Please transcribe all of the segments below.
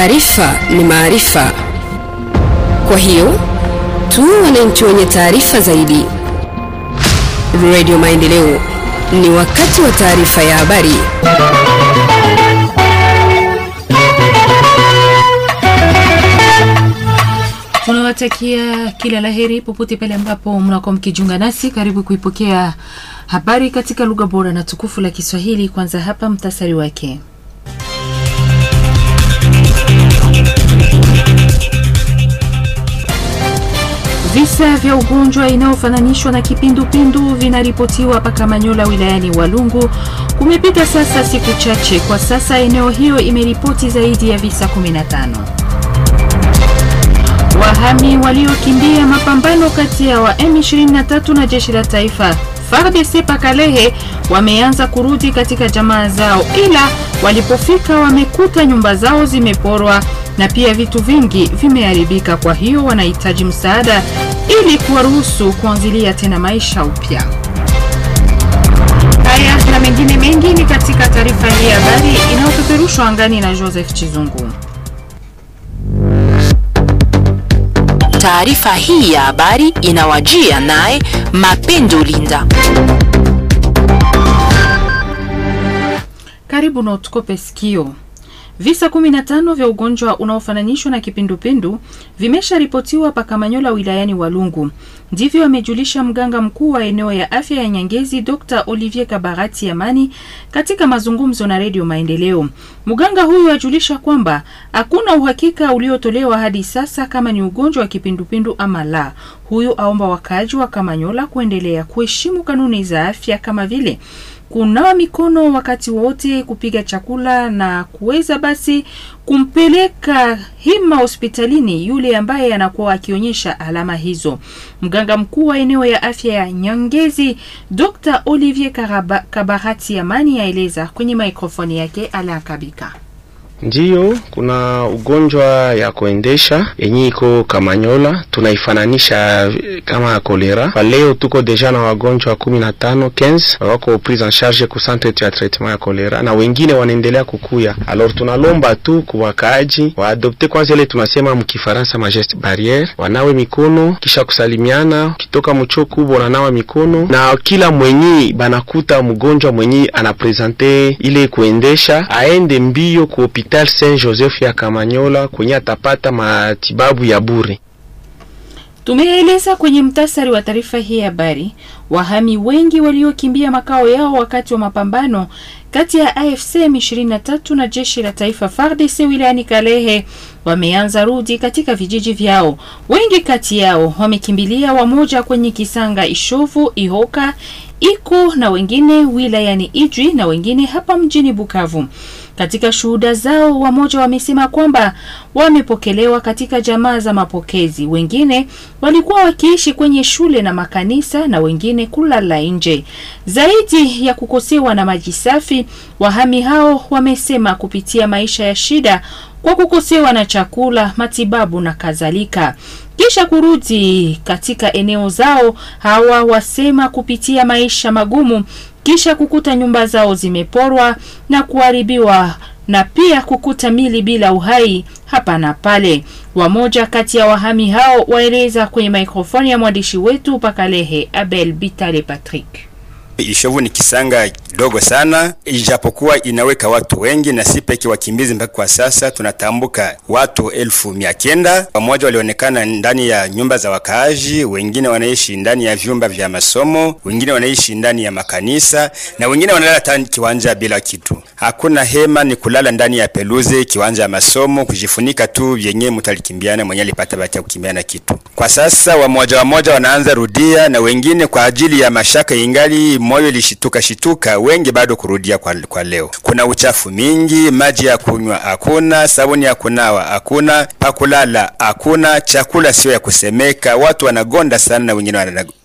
taarifa ni maarifa, kwa hiyo tu wananchi wenye taarifa zaidi. Radio Maendeleo, ni wakati wa taarifa ya habari. Tunawatakia kila laheri popote pale ambapo mnakuwa mkijiunga nasi. Karibu kuipokea habari katika lugha bora na tukufu la Kiswahili. Kwanza hapa mtasari wake. Visa vya ugonjwa inayofananishwa na kipindupindu vinaripotiwa Pakamanyola wilayani Walungu. Kumepita sasa siku chache, kwa sasa eneo hiyo imeripoti zaidi ya visa 15. Wahami waliokimbia mapambano kati ya wa M23 na jeshi la taifa FARDC Pakalehe wameanza kurudi katika jamaa zao, ila walipofika wamekuta nyumba zao zimeporwa na pia vitu vingi vimeharibika, kwa hiyo wanahitaji msaada ili kuwaruhusu kuanzilia tena maisha upya. Haya na mengine mengi ni katika taarifa hii ya habari inayopeperushwa angani na Joseph Chizungu. Taarifa hii ya habari inawajia naye Mapendo Linda. Karibu na utukope sikio. Visa 15 vya ugonjwa unaofananishwa na kipindupindu vimesharipotiwa pa kamanyola wilayani Walungu. Ndivyo amejulisha mganga mkuu wa eneo ya afya ya Nyangezi Dr. Olivier Kabarati Amani katika mazungumzo na Redio Maendeleo. Mganga huyu ajulisha kwamba hakuna uhakika uliotolewa hadi sasa kama ni ugonjwa wa kipindupindu ama la. Huyu aomba wakaaji wa Kamanyola kuendelea kuheshimu kanuni za afya kama vile kunawa mikono wakati wote, kupiga chakula na kuweza basi kumpeleka hima hospitalini yule ambaye anakuwa akionyesha alama hizo. Mganga mkuu wa eneo ya afya ya Nyangezi, Dr. Olivier Kabarati Amani aeleza kwenye mikrofoni yake Alain Kabika. Ndiyo, kuna ugonjwa ya kuendesha yenye iko Kamanyola, tunaifananisha eh, kama kolera. Kwa leo tuko deja na wagonjwa kumi na tano 15 wako prise en charge ku centre ya traitement ya kolera, na wengine wanaendelea kukuya. Alors tunalomba tu kuwakaaji waadopte kwanza ile tunasema mkifaransa majeste barriere, wanawe mikono kisha kusalimiana, ukitoka mchoo kubwa wananawa mikono, na kila mwenye banakuta mgonjwa mwenye anapresente ile kuendesha aende mbio kuopi Hospital Saint Joseph ya Kamanyola kwenye atapata matibabu ya bure. Tumeeleza kwenye mtasari wa taarifa hii ya habari, wahami wengi waliokimbia makao yao wakati wa mapambano kati ya AFC M23 na jeshi la taifa FARDC wilayani Kalehe wameanza rudi katika vijiji vyao. Wengi kati yao wamekimbilia wamoja kwenye Kisanga, Ishovu, Ihoka, Iko na wengine wilayani Ijwi na wengine hapa mjini Bukavu. Katika shuhuda zao, wamoja wamesema kwamba wamepokelewa katika jamaa za mapokezi, wengine walikuwa wakiishi kwenye shule na makanisa, na wengine kulala nje. Zaidi ya kukosewa na maji safi, wahami hao wamesema kupitia maisha ya shida kwa kukosewa na chakula, matibabu na kadhalika. Kisha kurudi katika eneo zao, hawa wasema kupitia maisha magumu kisha kukuta nyumba zao zimeporwa na kuharibiwa na pia kukuta mili bila uhai hapa na pale. Wamoja kati ya wahami hao waeleza kwenye mikrofoni ya mwandishi wetu Pakalehe Abel Bitale Patrick. Ishovu ni kisanga kidogo sana, ijapokuwa inaweka watu wengi na si peke wakimbizi. Mpaka kwa sasa tunatambuka watu elfu mia kenda pamoja walionekana ndani ya nyumba za wakaaji, wengine wanaishi ndani ya vyumba vya masomo, wengine wanaishi ndani ya makanisa na wengine wanalala tani kiwanja bila kitu. Hakuna hema, ni kulala ndani ya peluze kiwanja ya masomo, kujifunika tu vyenye mutalikimbiana mwenye alipata bacha kukimbiana kitu. Kwa sasa wamoja wamoja wanaanza rudia na wengine kwa ajili ya mashaka ingali moyo ilishituka shituka, wengi bado kurudia kwa, kwa leo. Kuna uchafu mingi, maji ya kunywa hakuna, sabuni ya kunawa hakuna, pakulala hakuna, chakula sio ya kusemeka, watu wanagonda sana na wengine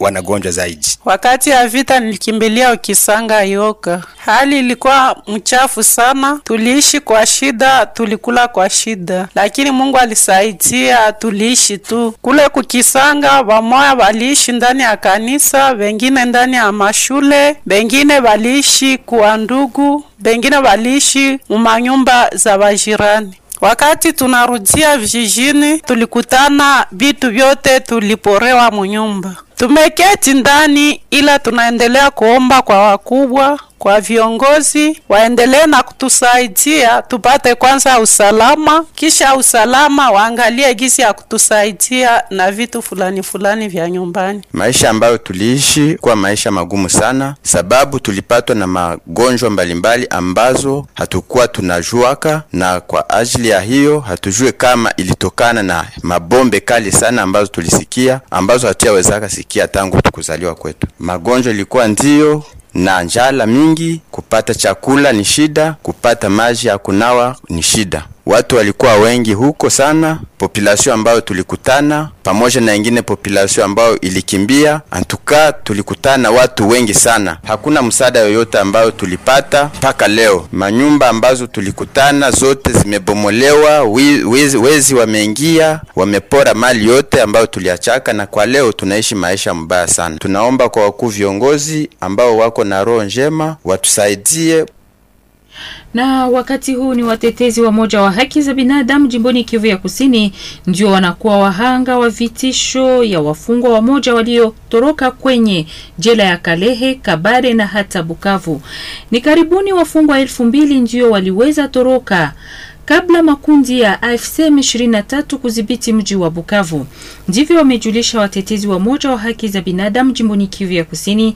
wanagonjwa zaidi. Wakati ya vita nilikimbilia Ukisanga Ioka, hali ilikuwa mchafu sana, tuliishi kwa shida, tulikula kwa shida, lakini Mungu alisaidia, tuliishi tu kule Kukisanga. Wamoya waliishi ndani ya kanisa, wengine ndani ya mashule, wengine waliishi kwa ndugu, wengine waliishi mumanyumba za wajirani. Wakati tunarudia vijijini, tulikutana vitu vyote tuliporewa munyumba Tumeketi ndani ila tunaendelea kuomba kwa wakubwa kwa viongozi waendelee na kutusaidia tupate kwanza usalama, kisha usalama waangalie gisi ya kutusaidia na vitu fulani fulani vya nyumbani. Maisha ambayo tuliishi kwa maisha magumu sana, sababu tulipatwa na magonjwa mbalimbali ambazo hatukuwa tunajuaka, na kwa ajili ya hiyo hatujue kama ilitokana na mabombe kali sana ambazo tulisikia, ambazo hatuyawezaka sikia tangu tukuzaliwa kwetu. Magonjwa ilikuwa ndiyo na njala mingi, kupata chakula ni shida, kupata maji ya kunawa ni shida watu walikuwa wengi huko sana, population ambayo tulikutana pamoja na ingine population ambayo ilikimbia. Antuka tulikutana watu wengi sana, hakuna msaada yoyote ambayo tulipata mpaka leo. Manyumba ambazo tulikutana zote zimebomolewa, wezi, wezi wameingia, wamepora mali yote ambayo tuliachaka, na kwa leo tunaishi maisha mbaya sana. Tunaomba kwa wakuu viongozi ambao wako na roho njema watusaidie na wakati huu ni watetezi wa moja wa haki za binadamu jimboni Kivu ya Kusini ndio wanakuwa wahanga wa vitisho ya wafungwa wa moja waliotoroka kwenye jela ya Kalehe, Kabare na hata Bukavu. Ni karibuni wafungwa elfu mbili ndio waliweza toroka kabla makundi ya AFC M23 kudhibiti mji wa Bukavu. Ndivyo wamejulisha watetezi wa moja wa haki za binadamu jimboni Kivu ya Kusini,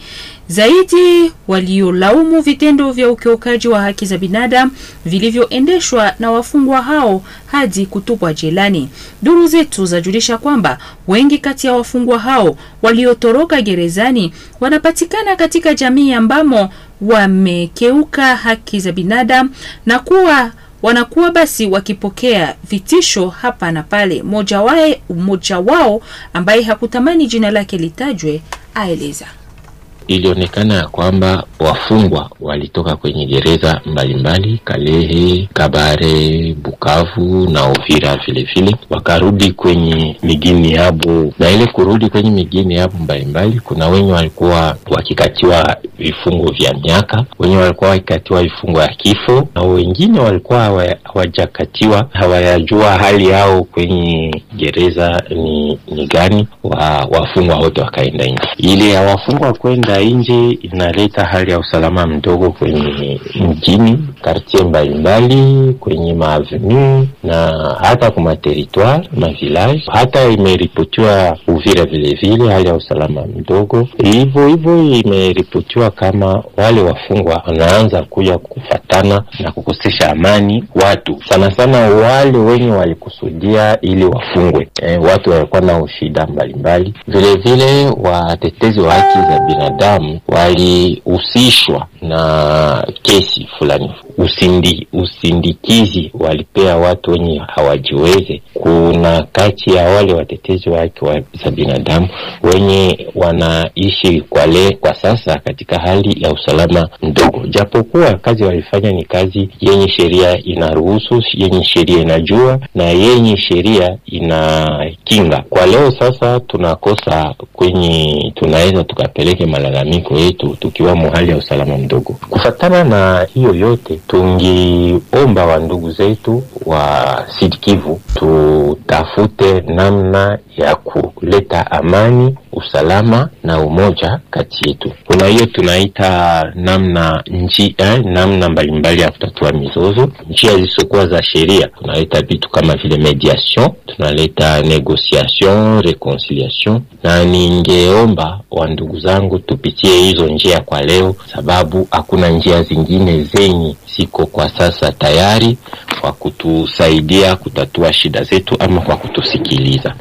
zaidi waliolaumu vitendo vya ukiukaji wa haki za binadamu vilivyoendeshwa na wafungwa hao hadi kutupwa jelani. Duru zetu zajulisha kwamba wengi kati ya wafungwa hao waliotoroka gerezani wanapatikana katika jamii ambamo wamekeuka haki za binadamu na kuwa wanakuwa basi wakipokea vitisho hapa na pale. Mmoja wao ambaye hakutamani jina lake litajwe aeleza ilionekana ya kwamba wafungwa walitoka kwenye gereza mbalimbali Kalehe, Kabare, Bukavu na Uvira vilevile, wakarudi kwenye migini yabo, na ile kurudi kwenye migini yabo mbalimbali, kuna wenye walikuwa wakikatiwa vifungo vya miaka, wenye walikuwa wakikatiwa vifungo ya kifo, na wengine walikuwa hawajakatiwa, hawayajua hali yao kwenye gereza ni, ni gani. Wa, wafungwa wote wakaenda nje ile ya wafungwa kwenda ya nje inaleta hali ya usalama mdogo kwenye mjini kartier mbalimbali, kwenye maavenu na hata kumateritoire mavilage village. Hata imeripotiwa Uvira vilevile hali ya usalama mdogo. Hivyo hivyo imeripotiwa kama wale wafungwa wanaanza kuja kufatana na kukosesha amani watu, sana sana wale wenye walikusudia ili wafungwe. E, watu walikuwa na shida mbalimbali. vile vile watetezi wa haki za binadamu walihusishwa na kesi fulani. Usindi, usindikizi walipea watu wenye hawajiweze. Kuna kati ya wale watetezi wa haki za binadamu wenye wanaishi kwa le kwa sasa katika hali ya usalama mdogo, japokuwa kazi walifanya ni kazi yenye sheria inaruhusu, yenye sheria inajua na yenye sheria inakinga. Kwa leo sasa tunakosa kwenye tunaweza tukapeleke malalamiko yetu tukiwamo hali ya usalama mdogo. Kufatana na hiyo yote, tungiomba wa ndugu zetu wa Sidikivu tutafute namna ya kule kuleta amani, usalama na umoja kati yetu. Kuna hiyo tunaita namna nchi eh, namna mbalimbali ya kutatua mizozo, njia zisizokuwa za sheria. Tunaleta vitu kama vile mediation, tunaleta negotiation, reconciliation, na ningeomba wandugu zangu tupitie hizo njia kwa leo, sababu hakuna njia zingine zenye ziko kwa sasa tayari kwa kutusaidia kutatua shida zetu ama kwa kutusikiliza.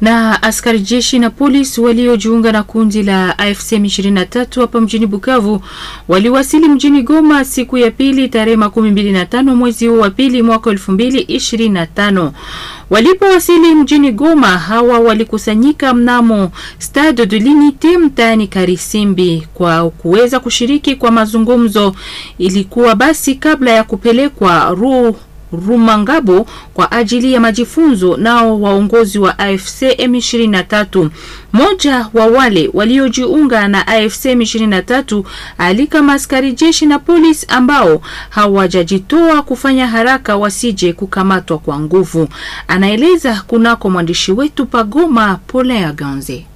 Na askari jeshi na polisi waliojiunga na kundi la AFC M23 hapa mjini Bukavu waliwasili mjini Goma siku ya pili tarehe makumi mwezi huu wa pili mwaka 2025. Walipowasili mjini Goma, hawa walikusanyika mnamo Stade de l'Unite mtaani Karisimbi kwa kuweza kushiriki kwa mazungumzo. Ilikuwa basi kabla ya kupelekwa Ruo Rumangabo kwa ajili ya majifunzo nao waongozi wa AFC M23. Mmoja wa wale waliojiunga na AFC M23 alikama askari jeshi na polisi ambao hawajajitoa kufanya haraka wasije kukamatwa kwa nguvu. Anaeleza kunako mwandishi wetu Pagoma Pole Ganze.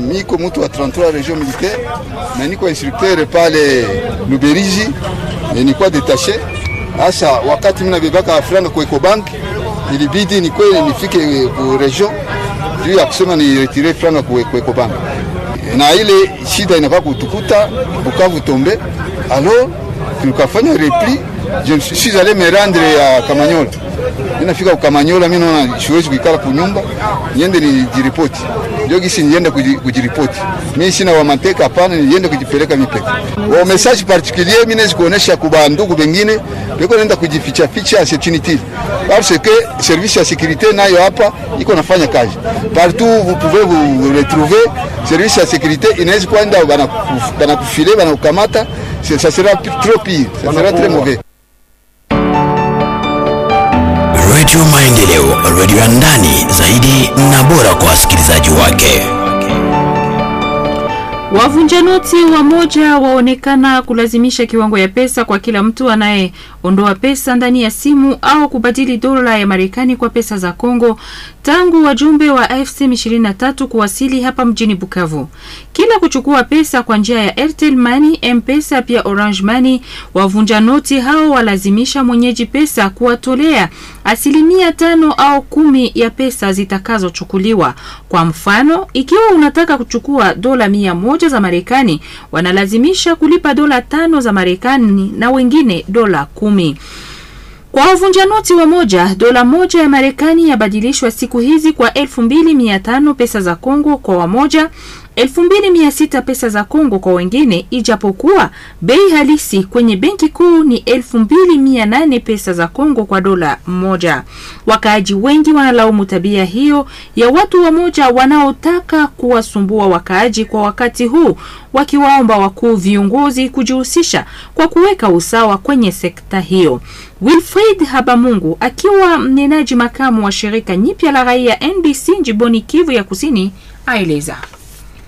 Niko mtu wa 33 region militaire na niko instructeur pale Luberizi, nilikuwa detache Hasa wakati mimi nabebaka franga kwa Ecobank, ilibidi ni kweli nifike ku region juu ya kusema ni retire franga kwa Ecobank, na ile shida inapaka kutukuta Bukavu Tombe. Alors tukafanya repli, je suis allé me rendre ya Kamanyola. Ninafika ku Kamanyola, mimi naona siwezi kuikala kunyumba, niende ni jiripoti ndio gisi niende kujiripoti. Mimi sina wamateka, hapana, niende kujipeleka mipeka wa message particulier. mi naweza kuonesha kwa bandugu bengine beko naenda kujificha ficha, c'est inutile parce que service ya securite nayo hapa iko nafanya kazi partout, vous pouvez vous retrouver service ya securite inaweza kwenda bana kufile bana kukamata, ça sera trop pire, ça sera très mauvais. Redio Maendeleo, radio ya ndani zaidi na bora kwa wasikilizaji wake. Wavunja noti wamoja waonekana kulazimisha kiwango ya pesa kwa kila mtu anaye ondoa pesa ndani ya simu au kubadili dola ya Marekani kwa pesa za Kongo tangu wajumbe wa AFC M23 kuwasili hapa mjini Bukavu. Kila kuchukua pesa kwa njia ya Airtel Money, Mpesa pia Orange Money, wavunja noti hao walazimisha mwenyeji pesa kuwatolea asilimia tano au kumi ya pesa zitakazochukuliwa. Kwa mfano, ikiwa unataka kuchukua dola mia moja za Marekani, wanalazimisha kulipa dola tano za Marekani na wengine dola kumi kumi. Kwa wavunja noti wa moja, dola moja ya Marekani yabadilishwa siku hizi kwa elfu mbili mia tano pesa za Kongo kwa wamoja 2600 pesa za Kongo kwa wengine, ijapokuwa bei halisi kwenye benki kuu ni 2800 pesa za Kongo kwa dola moja. Wakaaji wengi wanalaumu tabia hiyo ya watu wamoja wanaotaka kuwasumbua wakaaji kwa wakati huu, wakiwaomba wakuu viongozi kujihusisha kwa kuweka usawa kwenye sekta hiyo. Wilfred Habamungu akiwa mnenaji makamu wa shirika nyipya la raia NBC njiboni Kivu ya Kusini aeleza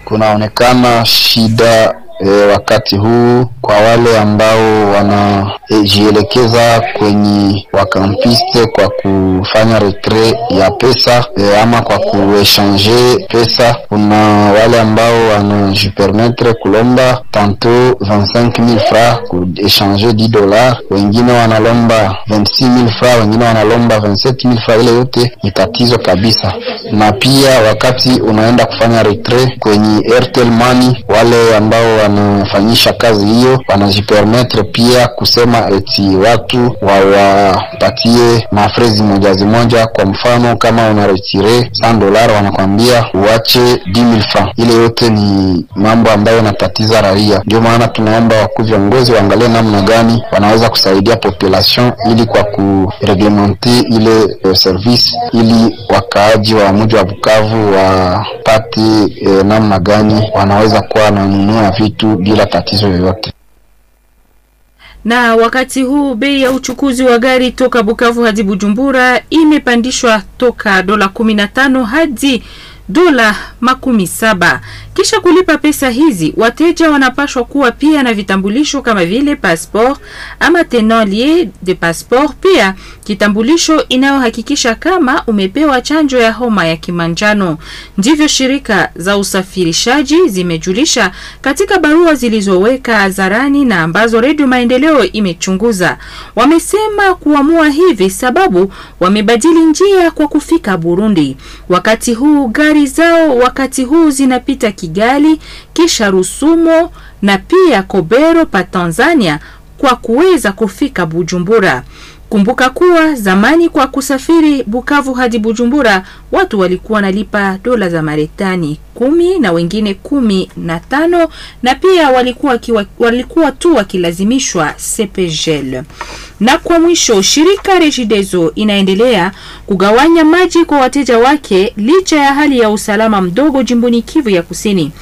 kunaonekana shida e, wakati huu kwa wale ambao wanajielekeza e, kwenye wakampiste kwa kufanya retre ya pesa e, ama kwa kuechange pesa. Kuna wale ambao wanajipermetre kulomba tanto 25000 francs kuechange 10 dollars, wengine wanalomba 26000 francs, wengine wanalomba 27000 francs. Ile yote ni tatizo kabisa, na pia wakati unaenda kufanya retre kwenye Airtel Money wale ambao wana wanafanyisha kazi hiyo wanajipermetre pia kusema eti watu wawapatie mafrezi moja Kwa mfano kama unaretire 100 dolar wanakwambia uache 10000 Ile yote ni mambo ambayo yanatatiza raia. Ndio maana tunaomba wakuu viongozi waangalie namna gani wanaweza kusaidia population ili kwa kureglementer ile uh, service ili wakaaji wa mji wa Bukavu wapate eh, namna gani wanaweza kuwa wananunua vitu kitu bila tatizo yoyote. Na wakati huu bei ya uchukuzi wa gari toka Bukavu hadi Bujumbura imepandishwa toka dola 15 hadi dola makumi saba. Kisha kulipa pesa hizi, wateja wanapashwa kuwa pia na vitambulisho kama vile passport ama tenant de passeport, pia kitambulisho inayohakikisha kama umepewa chanjo ya homa ya kimanjano. Ndivyo shirika za usafirishaji zimejulisha katika barua zilizoweka hadharani na ambazo Redio Maendeleo imechunguza. Wamesema kuamua hivi sababu wamebadili njia kwa kufika Burundi wakati huu gari safari zao wakati huu zinapita Kigali, kisha Rusumo na pia Kobero pa Tanzania kwa kuweza kufika Bujumbura. Kumbuka kuwa zamani kwa kusafiri Bukavu hadi Bujumbura watu walikuwa wanalipa dola za Marekani kumi na wengine kumi na tano na pia walikuwa, kiwa, walikuwa tu wakilazimishwa CPGL. Na kwa mwisho, shirika Regideso inaendelea kugawanya maji kwa wateja wake licha ya hali ya usalama mdogo jimboni Kivu ya Kusini.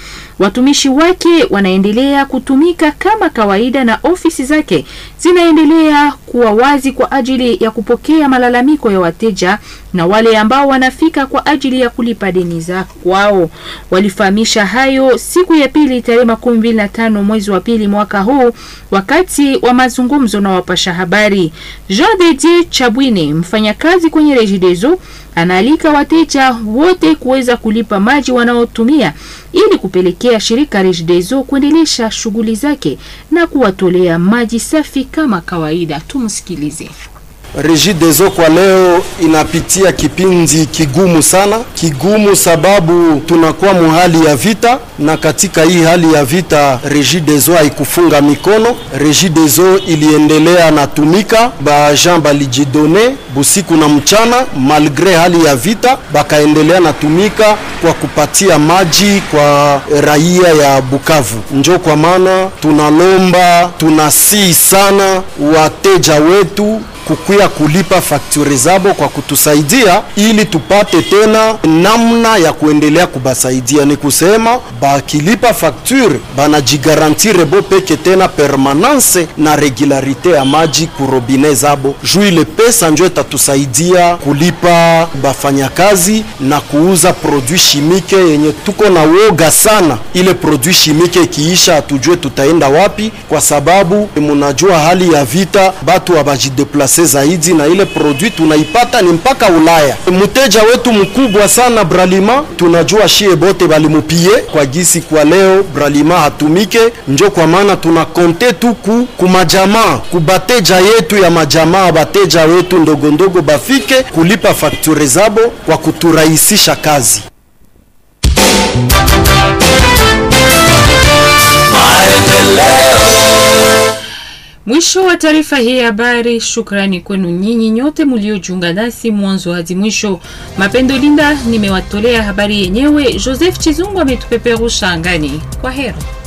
Watumishi wake wanaendelea kutumika kama kawaida na ofisi zake zinaendelea kuwa wazi kwa ajili ya kupokea malalamiko ya wateja na wale ambao wanafika kwa ajili ya kulipa deni za kwao. Walifahamisha hayo siku ya pili tarehe makumi mbili na tano mwezi wa pili mwaka huu wakati wa mazungumzo na wapasha habari. Jean de Dieu Chabwine, mfanyakazi kwenye Regideso, anaalika wateja wote kuweza kulipa maji wanaotumia ili kupelekea shirika Regideso kuendelesha shughuli zake na kuwatolea maji safi kama kawaida. Tumsikilize. Regideso kwa leo inapitia kipindi kigumu sana, kigumu sababu tunakuwa muhali ya vita, na katika hii hali ya vita Regideso haikufunga mikono. Regideso iliendelea na tumika, baagent balijidone busiku na mchana, malgre hali ya vita, bakaendelea na tumika kwa kupatia maji kwa raia ya Bukavu. Njo kwa maana tunalomba, tunasii sana wateja wetu kukuya kulipa fakturi zabo kwa kutusaidia, ili tupate tena namna ya kuendelea kubasaidia. Ni kusema bakilipa fakturi banajigarantire bo peke tena permanence na regularite ya maji kurobine zabo, juu ile pesa njo itatusaidia kulipa bafanyakazi na kuuza produit shimike yenye tuko na woga sana. Ile produit shimike ikiisha, hatujue tutaenda wapi, kwa sababu munajua hali ya vita, batu habajideplase avanse zaidi, na ile produit tunaipata ni mpaka Ulaya. Mteja wetu mkubwa sana Bralima, tunajua shie bote balimupie kwa gisi. Kwa leo Bralima hatumike njo kwa maana tunakonte tuku kumajamaa kubateja yetu ya majamaa, bateja wetu ndogondogo bafike kulipa fakture zabo kwa kuturahisisha kazi. Maendeleo Mwisho wa taarifa hii ya habari. Shukrani kwenu nyinyi nyote mliojiunga nasi mwanzo hadi mwisho. Mapendo Linda nimewatolea habari yenyewe, Joseph Chizungu ametupeperusha angani. Kwa heri.